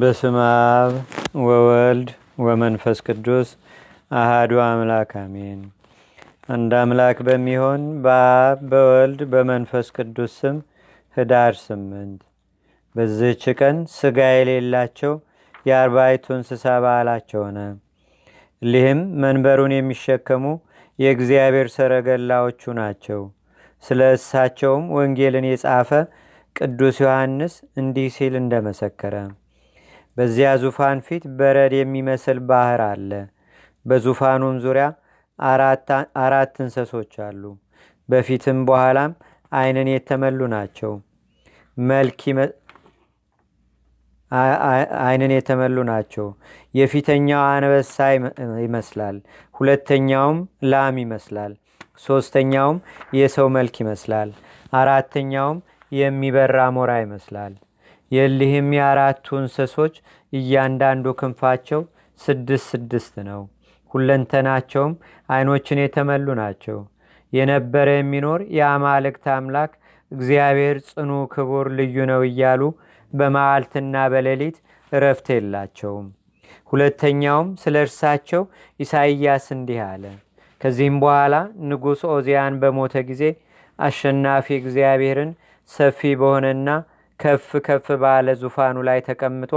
በስመ አብ ወወልድ ወመንፈስ ቅዱስ አህዱ አምላክ አሜን። አንድ አምላክ በሚሆን በአብ በወልድ በመንፈስ ቅዱስ ስም ህዳር ስምንት በዚህች ቀን ስጋ የሌላቸው የአርባይቱ እንስሳ በዓላቸው ሆነ። ሊህም መንበሩን የሚሸከሙ የእግዚአብሔር ሰረገላዎቹ ናቸው። ስለ እሳቸውም ወንጌልን የጻፈ ቅዱስ ዮሐንስ እንዲህ ሲል እንደመሰከረ በዚያ ዙፋን ፊት በረድ የሚመስል ባህር አለ። በዙፋኑም ዙሪያ አራት እንሰሶች አሉ። በፊትም በኋላም አይንን የተመሉ ናቸው። አይንን የተመሉ ናቸው። የፊተኛው አንበሳ ይመስላል፣ ሁለተኛውም ላም ይመስላል፣ ሶስተኛውም የሰው መልክ ይመስላል፣ አራተኛውም የሚበራ ሞራ ይመስላል። የልህም የአራቱ እንስሶች እያንዳንዱ ክንፋቸው ስድስት ስድስት ነው ሁለንተናቸውም አይኖችን የተመሉ ናቸው የነበረ የሚኖር የአማልክት አምላክ እግዚአብሔር ጽኑ ክቡር ልዩ ነው እያሉ በማዓልትና በሌሊት እረፍት የላቸውም ሁለተኛውም ስለ እርሳቸው ኢሳይያስ እንዲህ አለ ከዚህም በኋላ ንጉሥ ኦዚያን በሞተ ጊዜ አሸናፊ እግዚአብሔርን ሰፊ በሆነና ከፍ ከፍ ባለ ዙፋኑ ላይ ተቀምጦ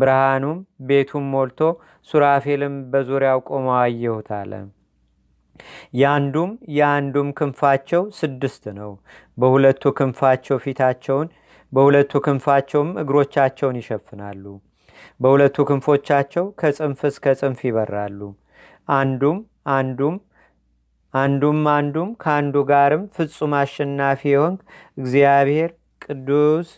ብርሃኑም ቤቱም ሞልቶ ሱራፌልም በዙሪያው ቆመው አየሁት አለ። የአንዱም የአንዱም ክንፋቸው ስድስት ነው። በሁለቱ ክንፋቸው ፊታቸውን በሁለቱ ክንፋቸውም እግሮቻቸውን ይሸፍናሉ። በሁለቱ ክንፎቻቸው ከጽንፍ እስከ ጽንፍ ይበራሉ። አንዱም አንዱም አንዱም አንዱም ከአንዱ ጋርም ፍጹም አሸናፊ የሆንክ እግዚአብሔር ቅዱስ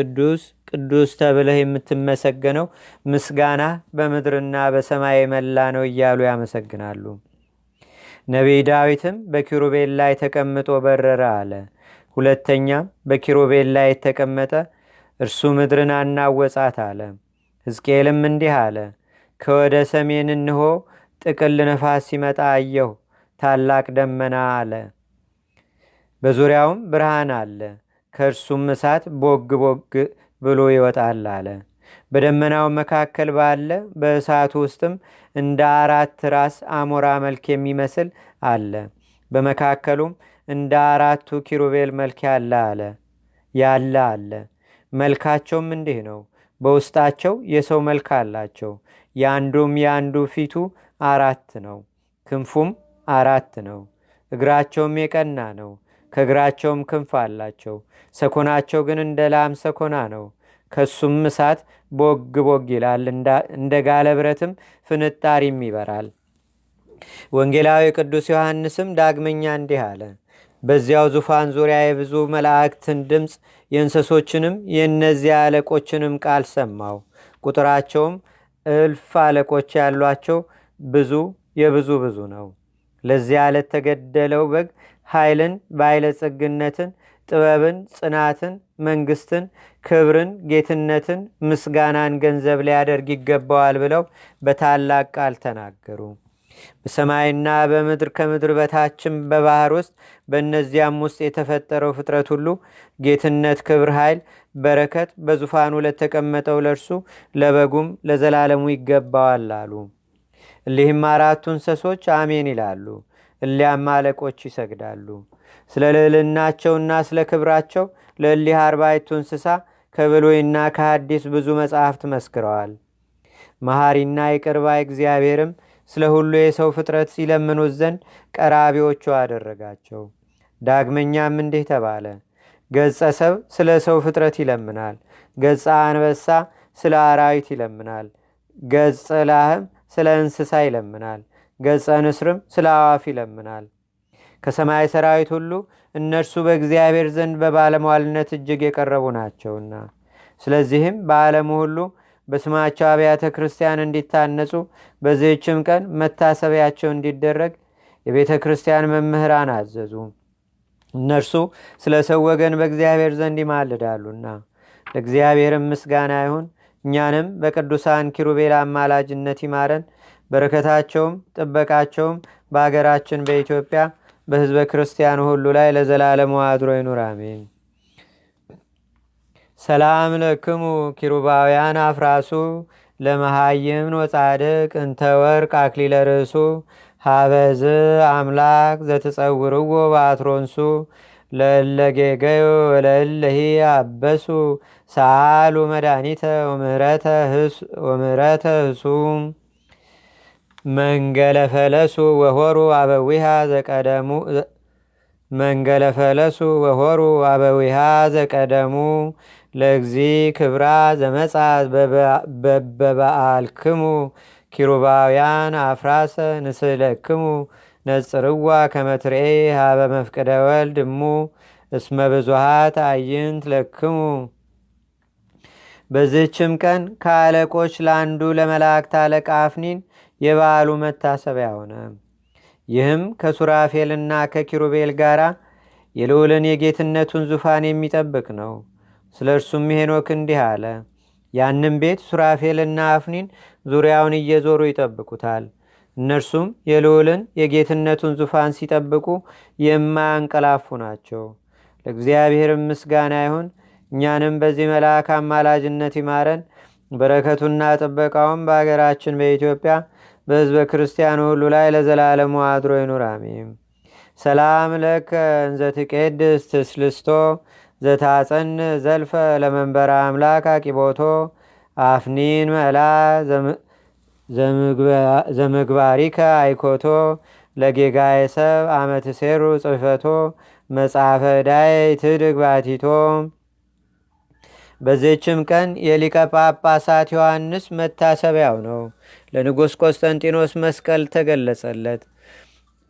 ቅዱስ ቅዱስ ተብለህ የምትመሰገነው ምስጋና በምድርና በሰማይ የመላ ነው እያሉ ያመሰግናሉ። ነቢይ ዳዊትም በኪሩቤል ላይ ተቀምጦ በረረ አለ። ሁለተኛም በኪሩቤል ላይ የተቀመጠ እርሱ ምድርን አናወጻት አለ። ሕዝቅኤልም እንዲህ አለ፣ ከወደ ሰሜን እንሆ ጥቅል ነፋስ ሲመጣ አየሁ፣ ታላቅ ደመና አለ፣ በዙሪያውም ብርሃን አለ ከእርሱም እሳት ቦግ ቦግ ብሎ ይወጣል አለ። በደመናው መካከል ባለ በእሳቱ ውስጥም እንደ አራት ራስ አሞራ መልክ የሚመስል አለ። በመካከሉም እንደ አራቱ ኪሩቤል መልክ ያለ አለ ያለ አለ። መልካቸውም እንዲህ ነው። በውስጣቸው የሰው መልክ አላቸው። የአንዱም የአንዱ ፊቱ አራት ነው፣ ክንፉም አራት ነው፣ እግራቸውም የቀና ነው። ከእግራቸውም ክንፍ አላቸው። ሰኮናቸው ግን እንደ ላም ሰኮና ነው። ከሱም እሳት ቦግ ቦግ ይላል፣ እንደ ጋለ ብረትም ፍንጣሪም ይበራል። ወንጌላዊ ቅዱስ ዮሐንስም ዳግመኛ እንዲህ አለ። በዚያው ዙፋን ዙሪያ የብዙ መላእክትን ድምፅ የእንስሶችንም የእነዚያ አለቆችንም ቃል ሰማው። ቁጥራቸውም እልፍ አለቆች ያሏቸው ብዙ የብዙ ብዙ ነው። ለዚያ ለተገደለው በግ ኃይልን ባይለጸግነትን፣ ጥበብን፣ ጽናትን፣ መንግስትን፣ ክብርን፣ ጌትነትን፣ ምስጋናን ገንዘብ ሊያደርግ ይገባዋል ብለው በታላቅ ቃል ተናገሩ። በሰማይና በምድር ከምድር በታችም በባህር ውስጥ በእነዚያም ውስጥ የተፈጠረው ፍጥረት ሁሉ ጌትነት፣ ክብር፣ ኃይል፣ በረከት በዙፋኑ ለተቀመጠው ለእርሱ ለበጉም ለዘላለሙ ይገባዋል አሉ። እሊህም አራቱ እንስሶች አሜን ይላሉ። እሊያም አለቆች ይሰግዳሉ። ስለ ልዕልናቸውና ስለ ክብራቸው ለእሊህ አርባይቱ እንስሳ ከብሎይና ከአዲስ ብዙ መጻሕፍት መስክረዋል። መሐሪና የቅርባ እግዚአብሔርም ስለ ሁሉ የሰው ፍጥረት ሲለምኑት ዘንድ ቀራቢዎቹ አደረጋቸው። ዳግመኛም እንዲህ ተባለ። ገጸ ሰብ ስለ ሰው ፍጥረት ይለምናል። ገጸ አንበሳ ስለ አራዊት ይለምናል። ገጸ ላህም ስለ እንስሳ ይለምናል። ገጸ ንስርም ስለ አዋፍ ይለምናል። ከሰማይ ሰራዊት ሁሉ እነርሱ በእግዚአብሔር ዘንድ በባለሟልነት እጅግ የቀረቡ ናቸውና ስለዚህም በዓለሙ ሁሉ በስማቸው አብያተ ክርስቲያን እንዲታነጹ በዚህችም ቀን መታሰቢያቸው እንዲደረግ የቤተ ክርስቲያን መምህራን አዘዙ። እነርሱ ስለ ሰው ወገን በእግዚአብሔር ዘንድ ይማልዳሉና ለእግዚአብሔርም ምስጋና ይሁን። እኛንም በቅዱሳን ኪሩቤል አማላጅነት ይማረን በረከታቸውም ጥበቃቸውም በአገራችን በኢትዮጵያ በህዝበ ክርስቲያኑ ሁሉ ላይ ለዘላለሙ አድሮ ይኑር አሜን ሰላም ለክሙ ኪሩባውያን አፍራሱ ለመሃይምን ወጻድቅ እንተ ወርቅ አክሊለ ርእሱ ሀበዝ አምላክ ዘተጸውርዎ በአትሮንሱ ለለጌገዮ ወለለሂ አበሱ ሳሉ መድኒተ ወምህረተ ህሱም መንገለ ፈለሱ ወሆሩ አበዊሃ ዘቀደሙ መንገለ ፈለሱ ወሆሩ አበዊሃ ዘቀደሙ ለእግዚ ክብራ ዘመጻ በበዓልክሙ ኪሩባውያን አፍራሰ ንስለክሙ ነጽርዋ ከመትርኤ ሃበ መፍቅደ ወልድ እሙ እስመ ብዙሃት አይንት ለክሙ በዚህችም ቀን ከአለቆች ለአንዱ ለመላእክት አለቃ አፍኒን የበዓሉ መታሰቢያ ሆነ። ይህም ከሱራፌልና ከኪሩቤል ጋር የልዑልን የጌትነቱን ዙፋን የሚጠብቅ ነው። ስለ እርሱም ሄኖክ እንዲህ አለ። ያንም ቤት ሱራፌልና አፍኒን ዙሪያውን እየዞሩ ይጠብቁታል። እነርሱም የልዑልን የጌትነቱን ዙፋን ሲጠብቁ የማያንቀላፉ ናቸው። ለእግዚአብሔር ምስጋና ይሁን። እኛንም በዚህ መልአክ አማላጅነት ይማረን። በረከቱና ጥበቃውም በአገራችን በኢትዮጵያ በህዝበ ክርስቲያኑ ሁሉ ላይ ለዘላለሙ አድሮ ይኑር። አሜም ሰላም ለከ እንዘትቄድስ ትስልስቶ ዘታፀን ዘልፈ ለመንበረ አምላክ አቂቦቶ አፍኒን መላ ዘምግባሪከ አይኮቶ ለጌጋየ ሰብ አመት ሴሩ ጽፈቶ መጽሐፈ ዳይ ትድግባቲቶም በዚህችም ቀን የሊቀ ጳጳሳት ዮሐንስ መታሰቢያው ነው። ለንጉሥ ቆስጠንጢኖስ መስቀል ተገለጸለት።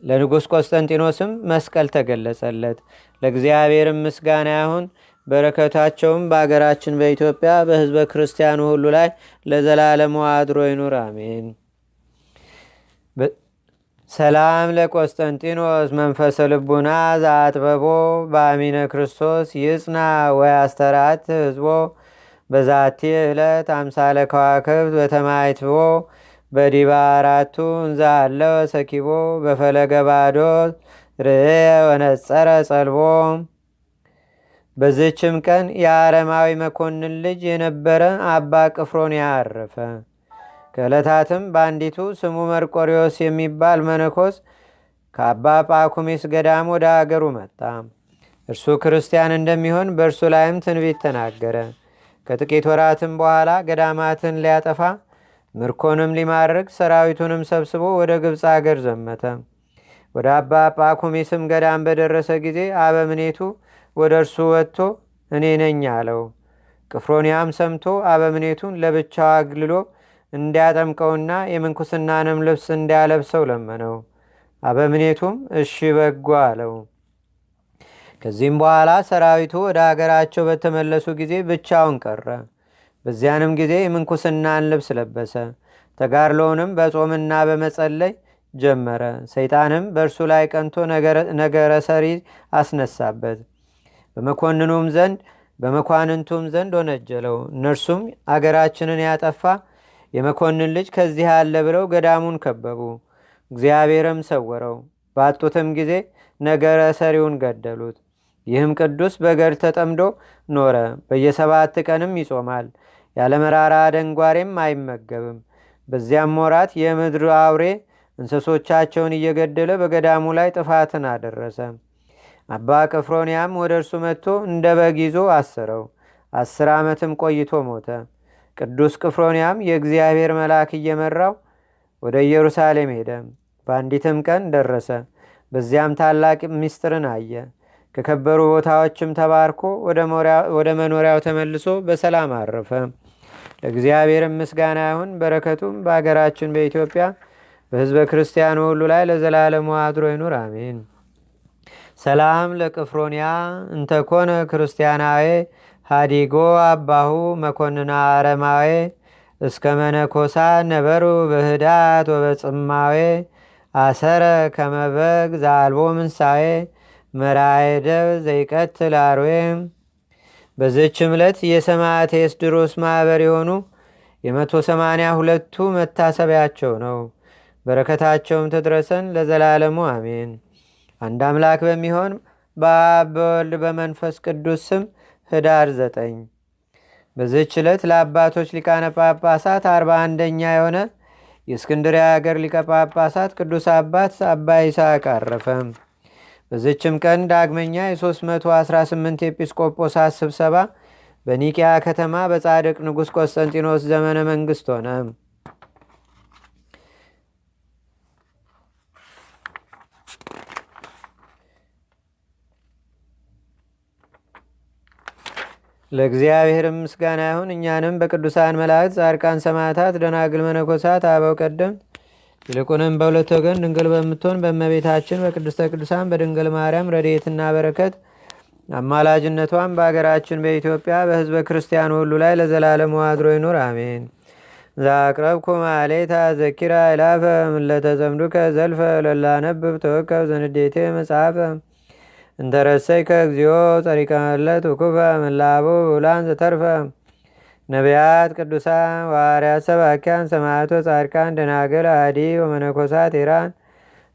ለንጉሥ ቆስጠንጢኖስም መስቀል ተገለጸለት። ለእግዚአብሔርም ምስጋና ያሁን። በረከታቸውም በአገራችን በኢትዮጵያ በህዝበ ክርስቲያኑ ሁሉ ላይ ለዘላለሙ አድሮ ይኑር፣ አሜን። ሰላም ለቆስጠንጢኖስ መንፈሰ ልቡና ዛአጥበቦ በአሚነ ክርስቶስ ይጽና ወይ አስተራት ህዝቦ በዛቲ ዕለት አምሳለ ከዋክብት በተማይትቦ በዲባ አራቱ እንዛለ ሰኪቦ በፈለገ ባዶ ርእ ወነጸረ ጸልቦ በዝችም ቀን የአረማዊ መኮንን ልጅ የነበረ አባ ቅፍሮን ያረፈ። ከዕለታትም በአንዲቱ ስሙ መርቆሪዎስ የሚባል መነኮስ ከአባ ጳኩሚስ ገዳም ወደ አገሩ መጣ። እርሱ ክርስቲያን እንደሚሆን በእርሱ ላይም ትንቢት ተናገረ። ከጥቂት ወራትም በኋላ ገዳማትን ሊያጠፋ ምርኮንም ሊማርክ ሰራዊቱንም ሰብስቦ ወደ ግብፅ አገር ዘመተ። ወደ አባ ጳኩሚስም ገዳም በደረሰ ጊዜ አበምኔቱ ወደ እርሱ ወጥቶ እኔ ነኝ አለው። ቅፍሮንያም ሰምቶ አበምኔቱን ለብቻው አግልሎ እንዲያጠምቀውና የምንኩስናንም ልብስ እንዲያለብሰው ለመነው አበምኔቱም እሺ በጎ አለው ከዚህም በኋላ ሰራዊቱ ወደ አገራቸው በተመለሱ ጊዜ ብቻውን ቀረ በዚያንም ጊዜ የምንኩስናን ልብስ ለበሰ ተጋድሎውንም በጾምና በመጸለይ ጀመረ ሰይጣንም በእርሱ ላይ ቀንቶ ነገረ ሰሪ አስነሳበት በመኮንኑም ዘንድ በመኳንንቱም ዘንድ ወነጀለው እነርሱም አገራችንን ያጠፋ የመኮንን ልጅ ከዚህ አለ ብለው ገዳሙን ከበቡ። እግዚአብሔርም ሰወረው። ባጡትም ጊዜ ነገረ ሰሪውን ገደሉት። ይህም ቅዱስ በገድ ተጠምዶ ኖረ። በየሰባት ቀንም ይጾማል። ያለመራራ መራራ ደንጓሬም አይመገብም። በዚያም ወራት የምድር አውሬ እንስሶቻቸውን እየገደለ በገዳሙ ላይ ጥፋትን አደረሰ። አባ ቅፍሮንያም ወደ እርሱ መጥቶ እንደ በግ ይዞ አሰረው። አስር ዓመትም ቆይቶ ሞተ። ቅዱስ ቅፍሮንያም የእግዚአብሔር መልአክ እየመራው ወደ ኢየሩሳሌም ሄደ። በአንዲትም ቀን ደረሰ። በዚያም ታላቅ ምስጢርን አየ። ከከበሩ ቦታዎችም ተባርኮ ወደ መኖሪያው ተመልሶ በሰላም አረፈ። ለእግዚአብሔርም ምስጋና ይሁን። በረከቱም በአገራችን በኢትዮጵያ በሕዝበ ክርስቲያኑ ሁሉ ላይ ለዘላለሙ አድሮ ይኑር፣ አሜን። ሰላም ለቅፍሮንያ እንተኮነ ክርስቲያናዊ ሃዲጎ አባሁ መኮንና አረማዌ እስከ መነኮሳ ነበሩ በህዳት ወበጽማዌ አሰረ ከመበግ ዛልቦ ምንሳዌ መራይደብ ዘይቀትል አርዌ በዘች ምለት የሰማዕት የስድሮስ ማኅበር የሆኑ የመቶ ሰማንያ ሁለቱ መታሰቢያቸው ነው። በረከታቸውም ትድረሰን ለዘላለሙ አሜን። አንድ አምላክ በሚሆን በአብ በወልድ በመንፈስ ቅዱስ ስም ህዳር ዘጠኝ በዚህች ዕለት ለአባቶች ሊቃነ ጳጳሳት አርባ አንደኛ የሆነ የእስክንድሪያ አገር ሊቀ ጳጳሳት ቅዱስ አባት አባ ይስሐቅ አረፈ። በዚችም ቀን ዳግመኛ የ318 ኤጲስቆጶሳት ስብሰባ በኒቅያ ከተማ በጻድቅ ንጉሥ ቆስጠንጢኖስ ዘመነ መንግሥት ሆነ። ለእግዚአብሔር ምስጋና ይሁን። እኛንም በቅዱሳን መላእክት፣ ጻድቃን፣ ሰማዕታት፣ ደናግል፣ መነኮሳት፣ አበው ቀደም ይልቁንም በሁለት ወገን ድንግል በምትሆን በእመቤታችን በቅድስተ ቅዱሳን በድንግል ማርያም ረድኤትና በረከት አማላጅነቷን በአገራችን በኢትዮጵያ በሕዝበ ክርስቲያን ሁሉ ላይ ለዘላለሙ አድሮ ይኑር፣ አሜን። ዛቅረብኩ ማሌታ ዘኪራ ይላፈ ዘምዱከ ዘልፈ ለላነብብ ተወከብ ዘንዴቴ መጽሐፈ እንተረሰይ እግዚኦ ጸሪቀ መለት ውኩፈ ምላቡ ብውላን ዘተርፈ ነቢያት ቅዱሳን ዋርያት ሰባኪያን ሰማያቶ ጻድቃን ደናገል አዲ ወመነኮሳት ኢራን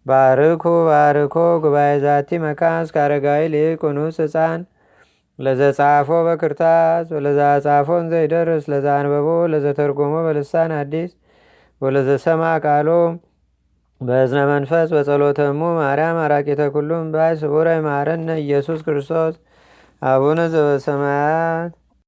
ባርኩ ባርኮ ጉባኤ ዛቲ መካን እስከ ሊቅ ኑስ ህፃን ለዘጻፎ በክርታስ ወለዛጻፎ እንዘይደርስ ለዛንበቦ ለዘተርጎሞ በልሳን አዲስ ወለዘሰማ ቃሎም በእዝነ መንፈስ በጸሎተሙ ማርያም አራቂተ ኩሉም ባይ ስቡረ ማረነ ኢየሱስ ክርስቶስ አቡነ ዘበሰማያት